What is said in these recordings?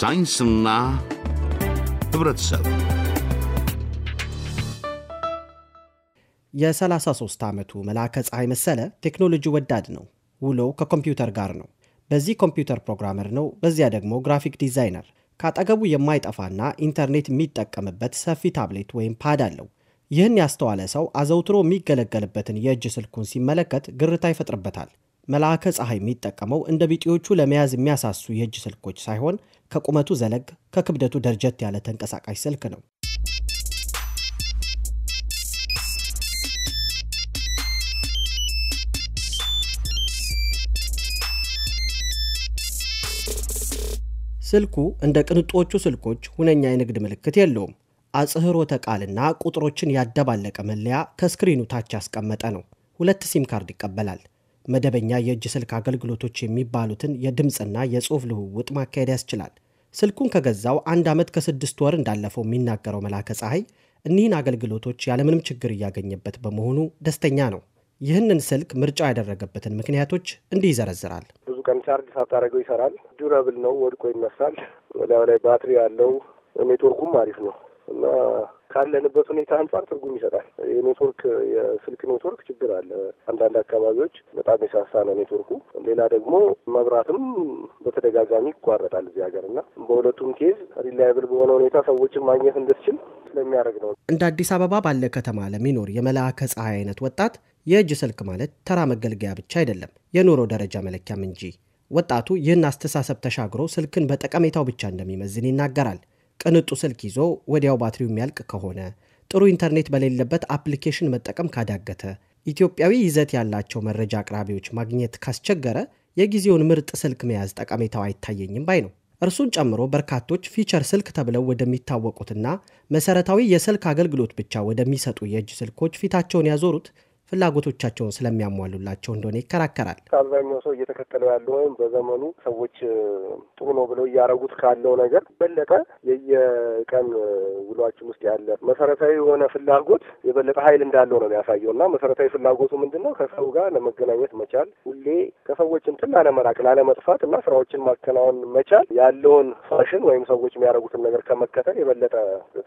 ሳይንስና ህብረተሰብ የ33 ዓመቱ መልአከ ፀሐይ መሰለ ቴክኖሎጂ ወዳድ ነው። ውሎ ከኮምፒውተር ጋር ነው። በዚህ ኮምፒውተር ፕሮግራመር ነው፣ በዚያ ደግሞ ግራፊክ ዲዛይነር። ካጠገቡ የማይጠፋና ኢንተርኔት የሚጠቀምበት ሰፊ ታብሌት ወይም ፓድ አለው። ይህን ያስተዋለ ሰው አዘውትሮ የሚገለገልበትን የእጅ ስልኩን ሲመለከት ግርታ ይፈጥርበታል። መልአከ ፀሐይ የሚጠቀመው እንደ ቢጤዎቹ ለመያዝ የሚያሳሱ የእጅ ስልኮች ሳይሆን ከቁመቱ ዘለግ ከክብደቱ ደርጀት ያለ ተንቀሳቃሽ ስልክ ነው። ስልኩ እንደ ቅንጦቹ ስልኮች ሁነኛ የንግድ ምልክት የለውም። አጽህሮተ ቃልና ቁጥሮችን ያደባለቀ መለያ ከስክሪኑ ታች ያስቀመጠ ነው። ሁለት ሲም ካርድ ይቀበላል። መደበኛ የእጅ ስልክ አገልግሎቶች የሚባሉትን የድምፅና የጽሑፍ ልውውጥ ማካሄድ ያስችላል። ስልኩን ከገዛው አንድ ዓመት ከስድስት ወር እንዳለፈው የሚናገረው መላከ ፀሐይ እኒህን አገልግሎቶች ያለምንም ችግር እያገኘበት በመሆኑ ደስተኛ ነው። ይህንን ስልክ ምርጫ ያደረገበትን ምክንያቶች እንዲህ ይዘረዝራል። ብዙ ቀን ቻርጅ ሳታደርገው ይሰራል። ዱረብል ነው፣ ወድቆ ይነሳል። ወዲያው ላይ ባትሪ ያለው ኔትወርኩም አሪፍ ነው። እና ካለንበት ሁኔታ አንጻር ትርጉም ይሰጣል። የኔትወርክ የስልክ ኔትወርክ ችግር አለ። አንዳንድ አካባቢዎች በጣም የሳሳ ነው ኔትወርኩ። ሌላ ደግሞ መብራትም በተደጋጋሚ ይቋረጣል እዚህ ሀገር እና በሁለቱም ኬዝ ሪላያብል በሆነ ሁኔታ ሰዎችን ማግኘት እንደስችል ስለሚያደርግ ነው። እንደ አዲስ አበባ ባለ ከተማ ለሚኖር የመልአከ ፀሐይ አይነት ወጣት የእጅ ስልክ ማለት ተራ መገልገያ ብቻ አይደለም፣ የኑሮ ደረጃ መለኪያም እንጂ። ወጣቱ ይህን አስተሳሰብ ተሻግሮ ስልክን በጠቀሜታው ብቻ እንደሚመዝን ይናገራል። ቅንጡ ስልክ ይዞ ወዲያው ባትሪው የሚያልቅ ከሆነ ጥሩ ኢንተርኔት በሌለበት አፕሊኬሽን መጠቀም ካዳገተ ኢትዮጵያዊ ይዘት ያላቸው መረጃ አቅራቢዎች ማግኘት ካስቸገረ የጊዜውን ምርጥ ስልክ መያዝ ጠቀሜታው አይታየኝም ባይ ነው። እርሱን ጨምሮ በርካቶች ፊቸር ስልክ ተብለው ወደሚታወቁትና መሰረታዊ የስልክ አገልግሎት ብቻ ወደሚሰጡ የእጅ ስልኮች ፊታቸውን ያዞሩት ፍላጎቶቻቸውን ስለሚያሟሉላቸው እንደሆነ ይከራከራል። አብዛኛው ሰው እየተከተለው ያለው ወይም በዘመኑ ሰዎች ጥሩ ነው ብለው እያረጉት ካለው ነገር በለጠ የየቀን ውሏችን ውስጥ ያለ መሰረታዊ የሆነ ፍላጎት የበለጠ ኃይል እንዳለው ነው የሚያሳየው እና መሰረታዊ ፍላጎቱ ምንድን ነው? ከሰው ጋር ለመገናኘት መቻል፣ ሁሌ ከሰዎች እንትን ላለመራቅ፣ ላለመጥፋት እና ስራዎችን ማከናወን መቻል ያለውን ፋሽን ወይም ሰዎች የሚያደርጉትን ነገር ከመከተል የበለጠ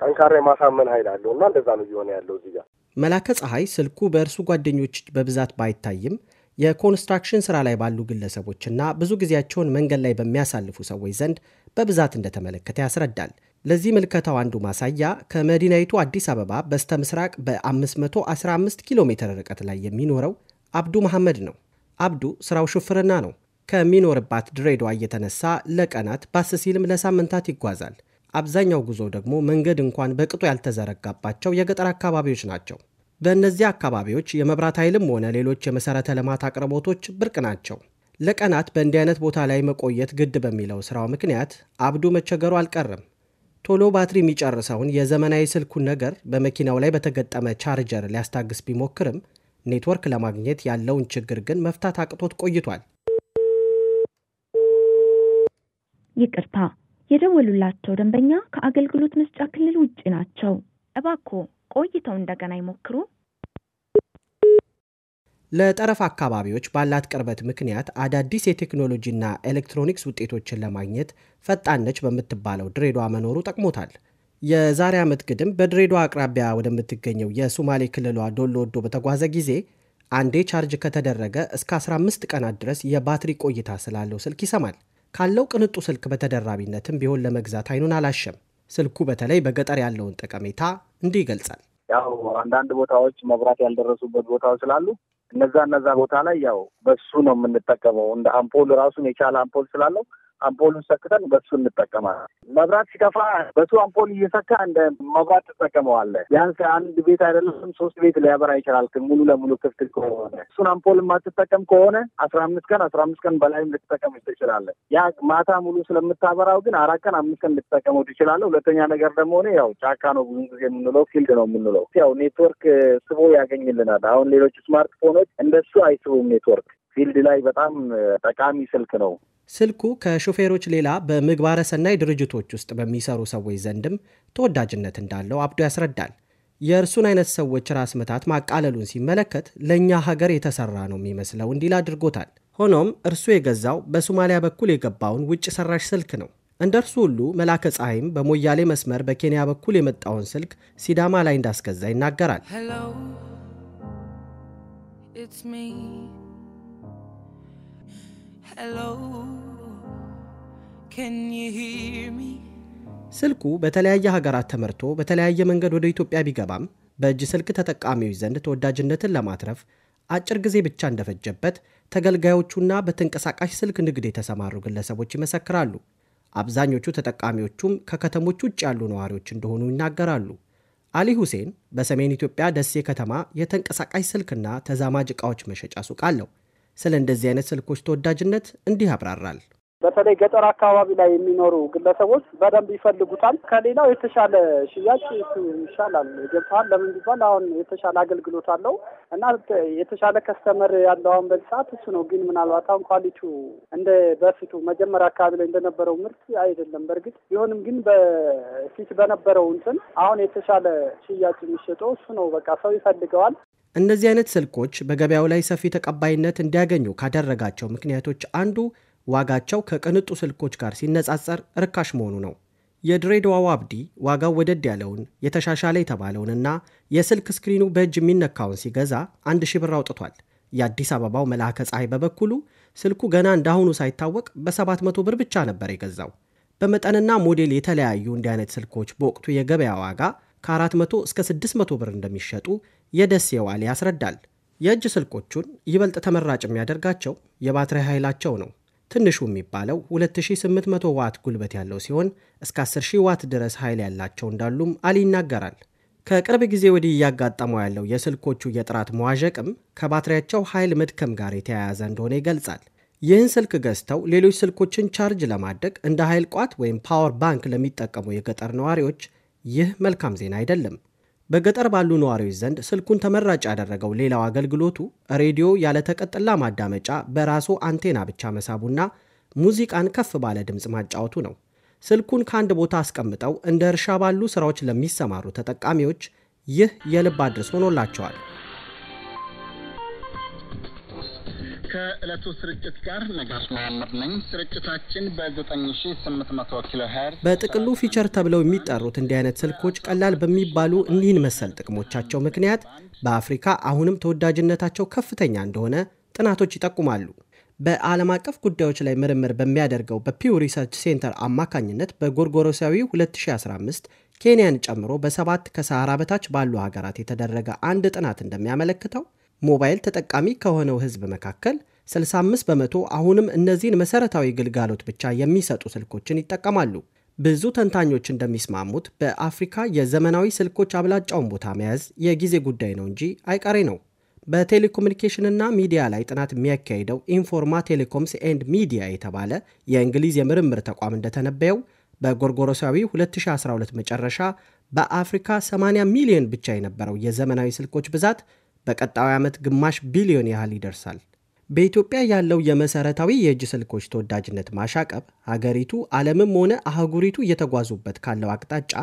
ጠንካራ የማሳመን ኃይል አለው እና እንደዛ ነው እየሆነ ያለው እዚህ ጋር መላከ ፀሐይ ስልኩ በእርሱ ጓደኞች በብዛት ባይታይም የኮንስትራክሽን ሥራ ላይ ባሉ ግለሰቦችና ብዙ ጊዜያቸውን መንገድ ላይ በሚያሳልፉ ሰዎች ዘንድ በብዛት እንደተመለከተ ያስረዳል። ለዚህ ምልከታው አንዱ ማሳያ ከመዲናይቱ አዲስ አበባ በስተ ምስራቅ በ515 ኪሎ ሜትር ርቀት ላይ የሚኖረው አብዱ መሐመድ ነው። አብዱ ሥራው ሹፍርና ነው። ከሚኖርባት ድሬዳዋ እየተነሳ ለቀናት ባስ ሲልም ለሳምንታት ይጓዛል። አብዛኛው ጉዞ ደግሞ መንገድ እንኳን በቅጡ ያልተዘረጋባቸው የገጠር አካባቢዎች ናቸው። በእነዚህ አካባቢዎች የመብራት ኃይልም ሆነ ሌሎች የመሠረተ ልማት አቅርቦቶች ብርቅ ናቸው። ለቀናት በእንዲህ አይነት ቦታ ላይ መቆየት ግድ በሚለው ስራው ምክንያት አብዱ መቸገሩ አልቀርም። ቶሎ ባትሪ የሚጨርሰውን የዘመናዊ ስልኩን ነገር በመኪናው ላይ በተገጠመ ቻርጀር ሊያስታግስ ቢሞክርም ኔትወርክ ለማግኘት ያለውን ችግር ግን መፍታት አቅቶት ቆይቷል። ይቅርታ የደወሉላቸው ደንበኛ ከአገልግሎት መስጫ ክልል ውጭ ናቸው። እባክዎ ቆይተው እንደገና ይሞክሩ። ለጠረፍ አካባቢዎች ባላት ቅርበት ምክንያት አዳዲስ የቴክኖሎጂና ኤሌክትሮኒክስ ውጤቶችን ለማግኘት ፈጣን ነች በምትባለው ድሬዳዋ መኖሩ ጠቅሞታል። የዛሬ ዓመት ግድም በድሬዳዋ አቅራቢያ ወደምትገኘው የሱማሌ ክልሏ ዶሎ ወዶ በተጓዘ ጊዜ አንዴ ቻርጅ ከተደረገ እስከ 15 ቀናት ድረስ የባትሪ ቆይታ ስላለው ስልክ ይሰማል። ካለው ቅንጡ ስልክ በተደራቢነትም ቢሆን ለመግዛት አይኑን አላሸም። ስልኩ በተለይ በገጠር ያለውን ጠቀሜታ እንዲህ ይገልጻል። ያው አንዳንድ ቦታዎች መብራት ያልደረሱበት ቦታዎች ስላሉ እነዛ እነዛ ቦታ ላይ ያው በሱ ነው የምንጠቀመው። እንደ አምፖል ራሱን የቻለ አምፖል ስላለው አምፖሉን ሰክተን በሱ እንጠቀማለን። መብራት ሲጠፋ በሱ አምፖል እየሰካ እንደ መብራት ትጠቀመዋለህ። ቢያንስ አንድ ቤት አይደለም ሶስት ቤት ሊያበራ ይችላል ሙሉ ለሙሉ ክፍት ከሆነ። እሱን አምፖል የማትጠቀም ከሆነ አስራ አምስት ቀን አስራ አምስት ቀን በላይም ልትጠቀም ትችላለህ። ያ ማታ ሙሉ ስለምታበራው ግን አራት ቀን አምስት ቀን ልትጠቀመው ትችላለህ። ሁለተኛ ነገር ደግሞ እኔ ያው ጫካ ነው ብዙ ጊዜ የምንለው ፊልድ ነው የምንለው ያው ኔትወርክ ስቦ ያገኝልናል። አሁን ሌሎች ስማርትፎኖች እንደሱ አይስቡም ኔትወርክ ፊልድ ላይ በጣም ጠቃሚ ስልክ ነው። ስልኩ ከሾፌሮች ሌላ በምግባረ ሰናይ ድርጅቶች ውስጥ በሚሰሩ ሰዎች ዘንድም ተወዳጅነት እንዳለው አብዶ ያስረዳል። የእርሱን አይነት ሰዎች ራስ ምታት ማቃለሉን ሲመለከት ለእኛ ሀገር የተሰራ ነው የሚመስለው እንዲል አድርጎታል። ሆኖም እርሱ የገዛው በሶማሊያ በኩል የገባውን ውጭ ሰራሽ ስልክ ነው። እንደ እርሱ ሁሉ መላከ ፀሐይም በሞያሌ መስመር በኬንያ በኩል የመጣውን ስልክ ሲዳማ ላይ እንዳስገዛ ይናገራል። ስልኩ በተለያየ ሀገራት ተመርቶ በተለያየ መንገድ ወደ ኢትዮጵያ ቢገባም በእጅ ስልክ ተጠቃሚዎች ዘንድ ተወዳጅነትን ለማትረፍ አጭር ጊዜ ብቻ እንደፈጀበት ተገልጋዮቹና በተንቀሳቃሽ ስልክ ንግድ የተሰማሩ ግለሰቦች ይመሰክራሉ። አብዛኞቹ ተጠቃሚዎቹም ከከተሞች ውጭ ያሉ ነዋሪዎች እንደሆኑ ይናገራሉ። አሊ ሁሴን በሰሜን ኢትዮጵያ ደሴ ከተማ የተንቀሳቃሽ ስልክና ተዛማጅ ዕቃዎች መሸጫ ሱቅ አለው። ስለ እንደዚህ አይነት ስልኮች ተወዳጅነት እንዲህ አብራራል። በተለይ ገጠር አካባቢ ላይ የሚኖሩ ግለሰቦች በደንብ ይፈልጉታል። ከሌላው የተሻለ ሽያጭ ይሻላል። ገብተሃል? ለምን ቢባል አሁን የተሻለ አገልግሎት አለው እና የተሻለ ከስተመር ያለው አሁን በዚህ ሰዓት እሱ ነው። ግን ምናልባት አሁን ኳሊቲው እንደ በፊቱ መጀመሪያ አካባቢ ላይ እንደነበረው ምርት አይደለም። በእርግጥ ቢሆንም ግን በፊት በነበረው እንትን አሁን የተሻለ ሽያጭ የሚሸጠው እሱ ነው። በቃ ሰው ይፈልገዋል። እነዚህ አይነት ስልኮች በገበያው ላይ ሰፊ ተቀባይነት እንዲያገኙ ካደረጋቸው ምክንያቶች አንዱ ዋጋቸው ከቅንጡ ስልኮች ጋር ሲነጻጸር ርካሽ መሆኑ ነው። የድሬዳዋው አብዲ ዋጋው ወደድ ያለውን የተሻሻለ የተባለውንና የስልክ ስክሪኑ በእጅ የሚነካውን ሲገዛ አንድ ሺ ብር አውጥቷል። የአዲስ አበባው መልአከ ፀሐይ በበኩሉ ስልኩ ገና እንዳሁኑ ሳይታወቅ በ700 ብር ብቻ ነበር የገዛው። በመጠንና ሞዴል የተለያዩ እንዲህ አይነት ስልኮች በወቅቱ የገበያ ዋጋ ከ400 እስከ 600 ብር እንደሚሸጡ የደሴ ዋሌ ያስረዳል። የእጅ ስልኮቹን ይበልጥ ተመራጭ የሚያደርጋቸው የባትሪ ኃይላቸው ነው። ትንሹ የሚባለው 2800 ዋት ጉልበት ያለው ሲሆን እስከ 10000 ዋት ድረስ ኃይል ያላቸው እንዳሉም አሊ ይናገራል። ከቅርብ ጊዜ ወዲህ እያጋጠመው ያለው የስልኮቹ የጥራት መዋዠቅም ከባትሪያቸው ኃይል መድከም ጋር የተያያዘ እንደሆነ ይገልጻል። ይህን ስልክ ገዝተው ሌሎች ስልኮችን ቻርጅ ለማድረግ እንደ ኃይል ቋት ወይም ፓወር ባንክ ለሚጠቀሙ የገጠር ነዋሪዎች ይህ መልካም ዜና አይደለም። በገጠር ባሉ ነዋሪዎች ዘንድ ስልኩን ተመራጭ ያደረገው ሌላው አገልግሎቱ ሬዲዮ ያለተቀጥላ ማዳመጫ በራሱ አንቴና ብቻ መሳቡና ሙዚቃን ከፍ ባለ ድምፅ ማጫወቱ ነው። ስልኩን ከአንድ ቦታ አስቀምጠው እንደ እርሻ ባሉ ስራዎች ለሚሰማሩ ተጠቃሚዎች ይህ የልብ አድርስ ሆኖላቸዋል። ከእለቱ ስርጭት ጋር ነጋሽ መሐመድ ነኝ። ስርጭታችን በ9800 ኪሎ ሄርዝ። በጥቅሉ ፊቸር ተብለው የሚጠሩት እንዲህ አይነት ስልኮች ቀላል በሚባሉ እኒህን መሰል ጥቅሞቻቸው ምክንያት በአፍሪካ አሁንም ተወዳጅነታቸው ከፍተኛ እንደሆነ ጥናቶች ይጠቁማሉ። በዓለም አቀፍ ጉዳዮች ላይ ምርምር በሚያደርገው በፒው ሪሰርች ሴንተር አማካኝነት በጎርጎሮሳዊ 2015 ኬንያን ጨምሮ በሰባት ከሰሃራ በታች ባሉ ሀገራት የተደረገ አንድ ጥናት እንደሚያመለክተው ሞባይል ተጠቃሚ ከሆነው ህዝብ መካከል 65 በመቶ አሁንም እነዚህን መሰረታዊ ግልጋሎት ብቻ የሚሰጡ ስልኮችን ይጠቀማሉ። ብዙ ተንታኞች እንደሚስማሙት በአፍሪካ የዘመናዊ ስልኮች አብላጫውን ቦታ መያዝ የጊዜ ጉዳይ ነው እንጂ አይቀሬ ነው። በቴሌኮሙኒኬሽንና ሚዲያ ላይ ጥናት የሚያካሂደው ኢንፎርማ ቴሌኮምስ ኤንድ ሚዲያ የተባለ የእንግሊዝ የምርምር ተቋም እንደተነበየው በጎርጎሮሳዊ 2012 መጨረሻ በአፍሪካ 80 ሚሊዮን ብቻ የነበረው የዘመናዊ ስልኮች ብዛት በቀጣዩ ዓመት ግማሽ ቢሊዮን ያህል ይደርሳል። በኢትዮጵያ ያለው የመሰረታዊ የእጅ ስልኮች ተወዳጅነት ማሻቀብ ሀገሪቱ ዓለምም ሆነ አህጉሪቱ እየተጓዙበት ካለው አቅጣጫ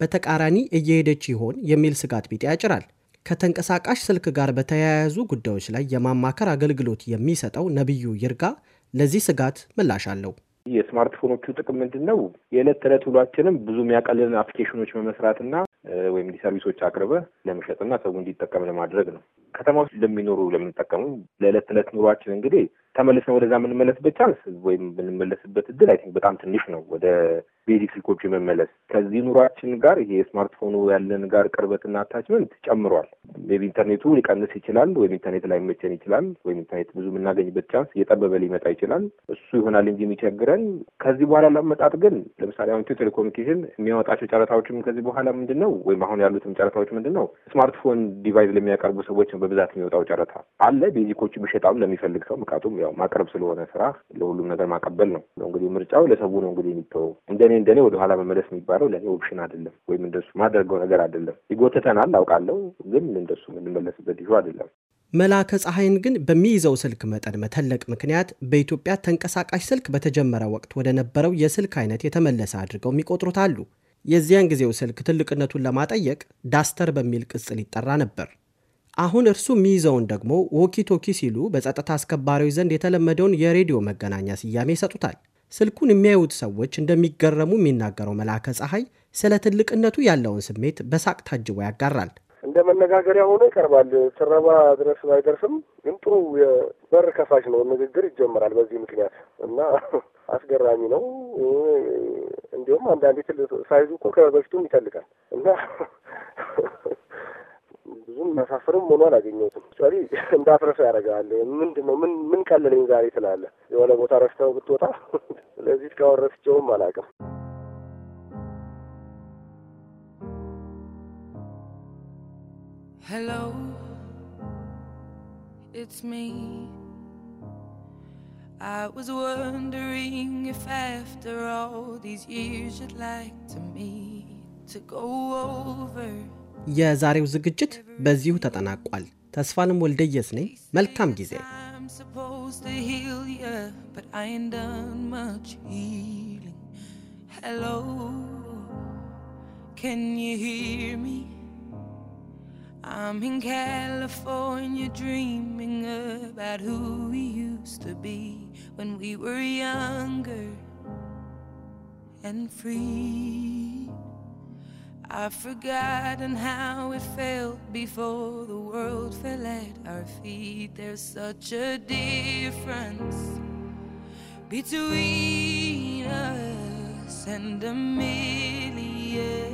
በተቃራኒ እየሄደች ይሆን የሚል ስጋት ቢጤ ያጭራል። ከተንቀሳቃሽ ስልክ ጋር በተያያዙ ጉዳዮች ላይ የማማከር አገልግሎት የሚሰጠው ነቢዩ ይርጋ ለዚህ ስጋት ምላሽ አለው። የስማርትፎኖቹ ጥቅም ምንድን ነው? የዕለት ተዕለት ውሏችንም ብዙ የሚያቀልልን አፕሊኬሽኖች መመስራትና ወይም ሰርቪሶች አቅርበ ለመሸጥና ሰው እንዲጠቀም ለማድረግ ነው። ከተማ ውስጥ ለሚኖሩ ለምንጠቀሙ ለዕለት ዕለት ኑሯችን እንግዲህ ተመልሰን ወደዛ የምንመለስበት ቻንስ ወይም የምንመለስበት እድል አይ ቲንክ በጣም ትንሽ ነው። ወደ ቤዚክ ስልኮች የመመለስ ከዚህ ኑሯችን ጋር ይሄ ስማርትፎኑ ያለን ጋር ቅርበትና አታችመንት ጨምሯል። ወይም ኢንተርኔቱ ሊቀንስ ይችላል፣ ወይም ኢንተርኔት ላይ መቸን ይችላል፣ ወይም ኢንተርኔት ብዙ የምናገኝበት ቻንስ እየጠበበ ሊመጣ ይችላል። እሱ ይሆናል እንጂ የሚቸግረን ከዚህ በኋላ ለመጣት ግን ለምሳሌ አሁን ኢትዮ ቴሌኮሙኒኬሽን የሚያወጣቸው ጨረታዎችም ከዚህ በኋላ ምንድን ነው ወይም አሁን ያሉትም ጨረታዎች ምንድን ነው ስማርትፎን ዲቫይስ ለሚያቀርቡ ሰዎችን በብዛት የሚወጣው ጨረታ አለ። ቤዚኮቹ ይሸጣሉ ለሚፈልግ ሰው ምቃቱም ያው ማቅረብ ስለሆነ ስራ ለሁሉም ነገር ማቀበል ነው። እንግዲህ ምርጫው ለሰው ነው እንግዲህ የሚተወው። እንደኔ እንደኔ ወደኋላ መመለስ የሚባለው ለእኔ ኦፕሽን አይደለም፣ ወይም እንደሱ ማደርገው ነገር አይደለም። ይጎተተናል አውቃለሁ፣ ግን እንደሱ የምንመለስበት ይሹ አይደለም። መላከ ፀሐይን ግን በሚይዘው ስልክ መጠን መተለቅ ምክንያት በኢትዮጵያ ተንቀሳቃሽ ስልክ በተጀመረ ወቅት ወደ ነበረው የስልክ አይነት የተመለሰ አድርገው የሚቆጥሩት አሉ። የዚያን ጊዜው ስልክ ትልቅነቱን ለማጠየቅ ዳስተር በሚል ቅጽል ይጠራ ነበር። አሁን እርሱ የሚይዘውን ደግሞ ዎኪቶኪ ሲሉ በጸጥታ አስከባሪዎች ዘንድ የተለመደውን የሬዲዮ መገናኛ ስያሜ ይሰጡታል። ስልኩን የሚያዩት ሰዎች እንደሚገረሙ የሚናገረው መልአከ ፀሐይ ስለ ትልቅነቱ ያለውን ስሜት በሳቅ ታጅቦ ያጋራል። እንደ መነጋገሪያ ሆኖ ይቀርባል። ስረባ ድረስ ባይደርስም ግን ጥሩ የበር ከፋሽ ነው። ንግግር ይጀምራል በዚህ ምክንያት እና አስገራሚ ነው። እንዲሁም አንዳንዴ ሳይዙ እኮ ከበፊቱም ይተልቃል እና ብዙም መሳፍርም ሆኖ አላገኘሁትም። ጸሪ እንዳትረሳ ያደርግሃል። ምንድን ነው ምን ምን ቀለለኝ ዛሬ ትላለህ። የሆነ ቦታ ረስተው ብትወጣ። ስለዚህ እስካሁን ረስቼውም አላውቅም። Hello, it's me. I was wondering if after all these years you'd like to me to go over የዛሬው ዝግጅት በዚሁ ተጠናቋል። ተስፋንም ወልደየስ ነኝ። መልካም ጊዜ። I'm in California dreaming about who we used to be when we were younger and free. I've forgotten how it felt before the world fell at our feet. There's such a difference between us and a million.